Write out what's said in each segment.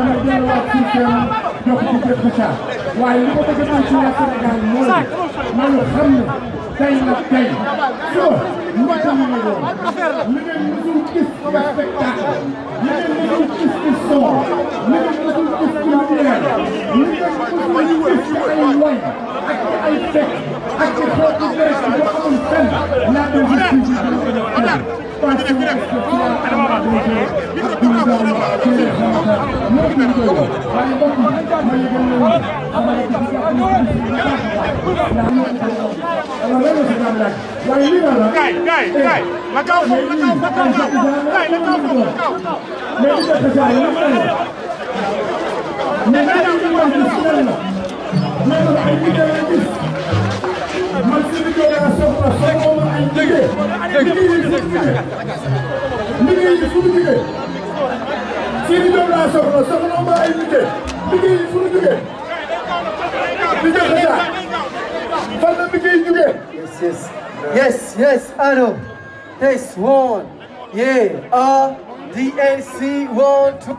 dama delluwaat ci seen jox ci jëf sa waaye li ma bëgg naa ci waa Sénégal mooy nañu xam ne tey nag tey suba ñu ngi tàmm ñu doon li ngeen mësul gis ci spectacle li ngeen mësul gis ci son li ngeen mësul gis ci lumière li ngeen mësul gis ci ay way ak ci ay fekk Kay, kay, kay. Lakaw, lakaw, lakaw, lakaw. Kay, lakaw, lakaw. Medyo sa kaya, lakaw. Medyo sa kaya, lakaw. Medyo sa kaya, lakaw. non soxla ma ay liggéey liggéey yi fu ñu jógee liggéey xanaa fan la liggéey yi jógee. yes yes yes yes Ano test one yeah R DNC one two.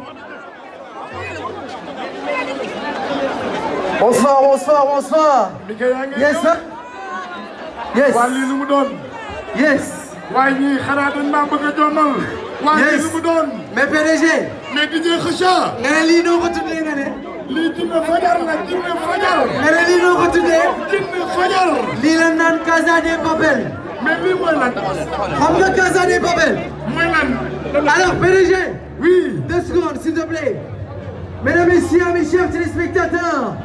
bonsoir bonsoir bonsoir. yes sir. yes waa lii lu mu doon. yes. waaye ñii xanaa dañ maa bëgg a jommal. yes waa lii lu mu doon. mais PDG. mais di nga xëcca. nga ne lii noo ko tuddee nga ne. lii dina fajar la dina fajar. nga ne lii noo ko tuddee. dina fajar. lii la naan Casa de Papel. mais lii mooy lan. xam nga Casa de Papel. mooy lan. alors PDG. oui deux secondes s'il te plaît. mesdames et messieurs, mes chers téléspectateurs,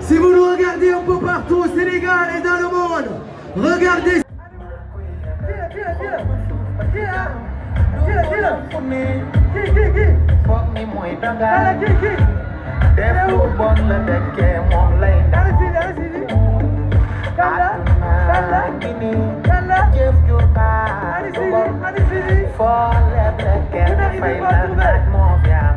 si vous nous regardez un peu. Dakar def lu bon la dëkkee moom lay ndax àdduna gi nii jëf ju baax du bon foo leb la kenn fay la naaj moo fi am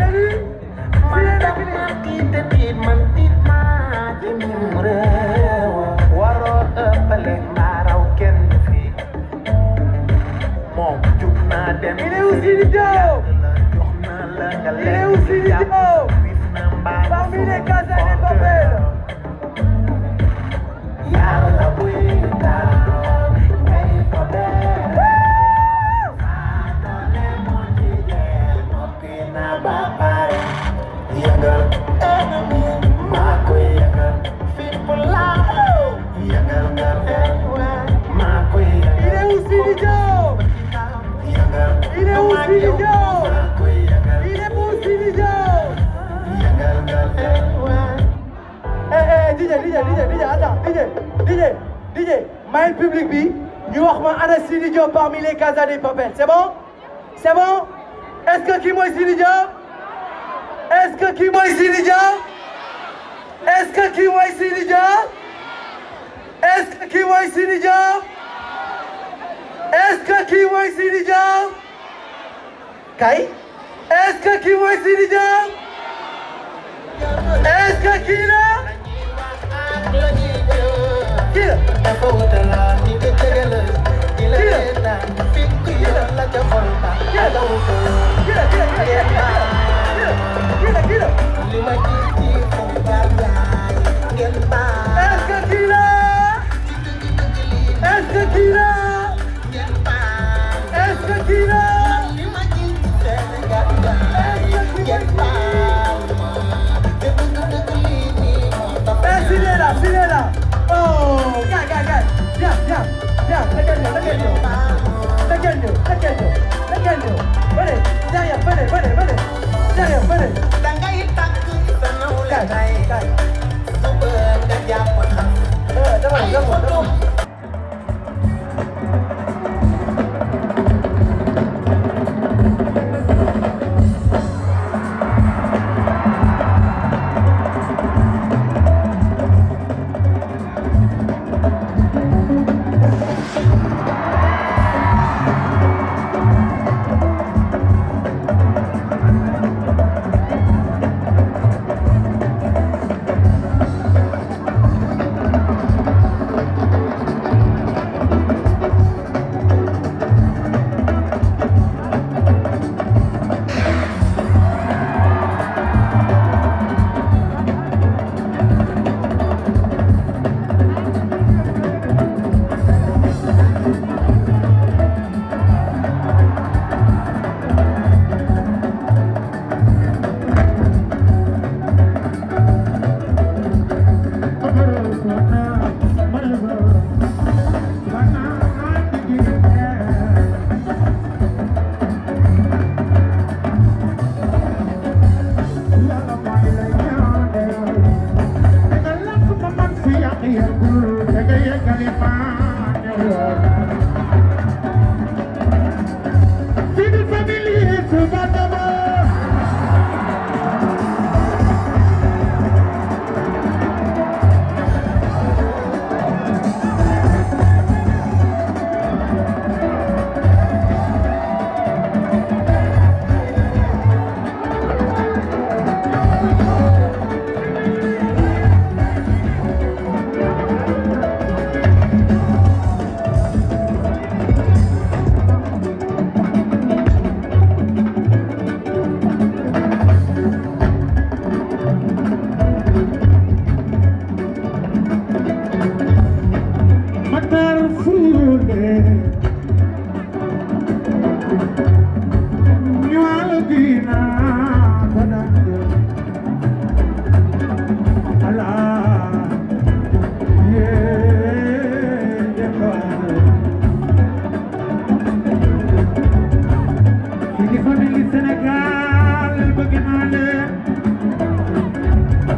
man dama tiit tiit man tiit maa ci mim réew waroo ëppale maa raw kenn fi moom jug naa dem DJ DJ may public bi ñu wax ma ana Sidi Diop parmi les Casa des Papel c'est bon c'est bon est-ce que kii mooy Sidi Diop est-ce que kii mooy Sidi Diop est-ce que kii mooy Sidi Diop est-ce que kii mooy Sidi Diop est-ce que kii mooy Sidi Diop kay est-ce que kii mooy Sidi Diop est-ce que kii la dafa wutal laa ni nga jegele di la seetaan fi ku yëral la ca xol ใกล้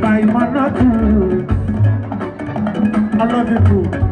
by Manatu. I love you too.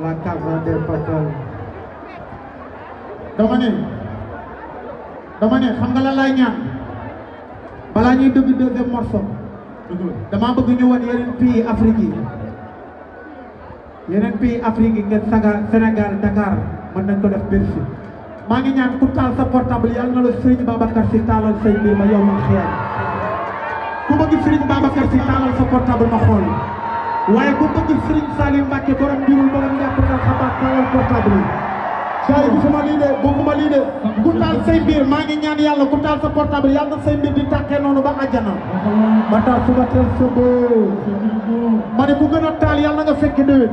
la caverne des ne dama ne xam nga lan ñaan balaa ñuy dëgg deuxième morceau. damaa bëgg ñu wan yeneen pays Afrique yi yeneen pays Afrique yi ngeen saga Sénégal Dakar mën nañ ko def Bercy maa ngi ñaan ku taal sa portable yàlla na la Serigne Babacar Sy taalal say mbir ma yow ma xiyal ku bëgg Serigne Babacar Sy taalal sa portable ma xool. waaye ku bëgg Serigne Saliou Mbacke borom mbirul borom njàpp ndax xabaar tawal portable yi. gars yi bëgguma lii de bëgguma lii de ku taal say mbir maa ngi ñaan yàlla ku taal sa portable yàlla say mbir di tàkkee noonu ba àjjana. ba taal suba teel sa boo. ma ne ku gën a taal yàlla nga fekk déwén.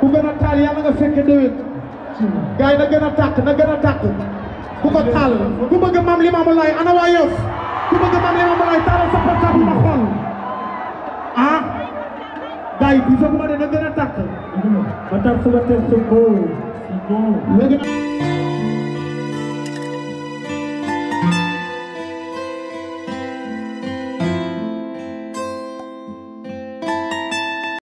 ku gën a taal yàlla nga fekk déwén. gars na gën a tàkk na gën a tàkk. ku ko taal ku bëgg maam Limaamu Laay ana waa Yoff ku bëgg maam Limaamu Laay taalal sa portable ma xool ah? gars yi il faut que ma dana gën a tàkk. ba tax sama test boobu. sinon.